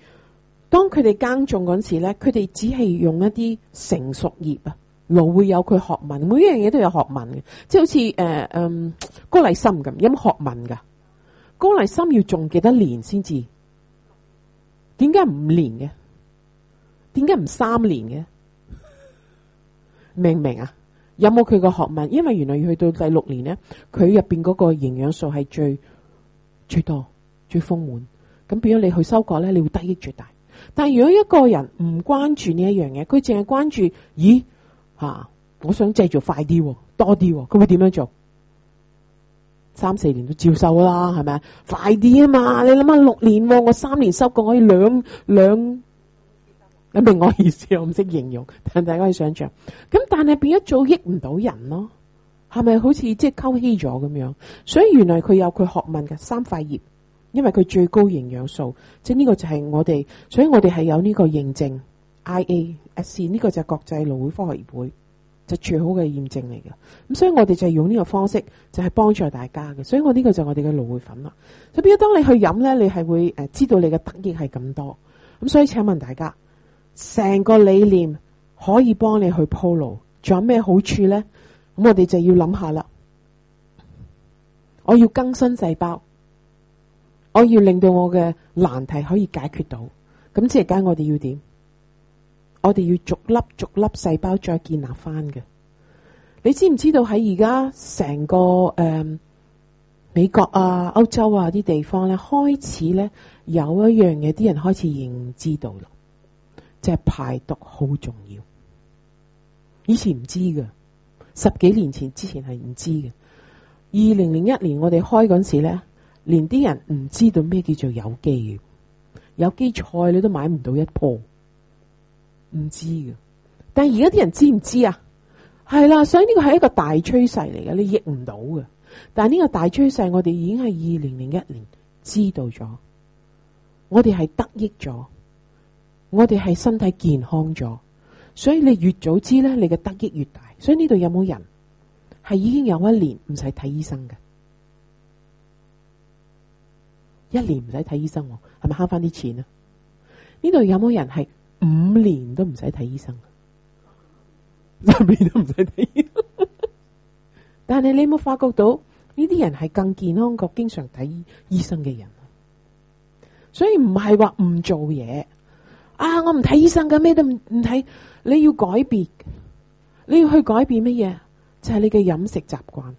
S1: 當佢哋耕種嗰陣時咧，佢哋只係用一啲成熟葉啊，然後會有佢學問。每樣嘢都有學問嘅，即係好似誒誒高麗參咁，有冇學問㗎？高麗參要種幾多年先至？點解唔五年嘅？點解唔三年嘅？明唔明啊？有冇佢個學問？因為原來要去到第六年咧，佢入邊嗰個營養素係最最多最豐滿，咁變咗你去收割咧，你會得益最大。但係如果一個人唔關注呢一樣嘢，佢淨係關注，咦吓、啊，我想借住快啲多啲，佢會點樣做？三四年都照收啦，係咪啊？快啲啊嘛！你諗下六年，我三年收過，我可以兩兩，你明我意思？我唔識形容，但大家可以想象。咁但係變咗做益唔到人咯，係咪好似即係溝稀咗咁樣？所以原來佢有佢學問嘅三塊葉。因為佢最高營養素，即係呢個就係我哋，所以我哋係有呢個認證 I A S，呢個就係國際蘆薈科學協會就最好嘅驗證嚟嘅。咁所以我哋就係用呢個方式就係幫助大家嘅。所以我呢個就係我哋嘅蘆薈粉啦。咁如果當你去飲咧，你係會誒知道你嘅得益係咁多。咁所以請問大家，成個理念可以幫你去鋪路，仲有咩好處咧？咁我哋就要諗下啦。我要更新細胞。我要令到我嘅難題可以解決到，咁即係，梗我哋要點？我哋要逐粒逐粒細胞再建立翻嘅。你知唔知道喺而家成個誒、嗯、美國啊、歐洲啊啲地方咧，開始咧有一樣嘢，啲人開始認知到啦，即係排毒好重要。以前唔知嘅，十幾年前之前係唔知嘅。二零零一年我哋開嗰陣時咧。連啲人唔知道咩叫做有機嘅，有機菜你都買唔到一棵，唔知嘅。但係而家啲人知唔知啊？係啦，所以呢個係一個大趨勢嚟嘅，你逆唔到嘅。但係呢個大趨勢，我哋已經係二零零一年知道咗，我哋係得益咗，我哋係身體健康咗，所以你越早知咧，你嘅得益越大。所以呢度有冇人係已經有一年唔使睇醫生嘅？一年唔使睇醫生，係咪慳翻啲錢啊？呢度有冇人係五年都唔使睇醫生？十年都唔使睇，但係你有冇發覺到呢啲人係更健康過經常睇醫生嘅人啊！所以唔係話唔做嘢啊！我唔睇醫生嘅，咩都唔唔睇。你要改變，你要去改變乜嘢？就係你嘅飲食習慣。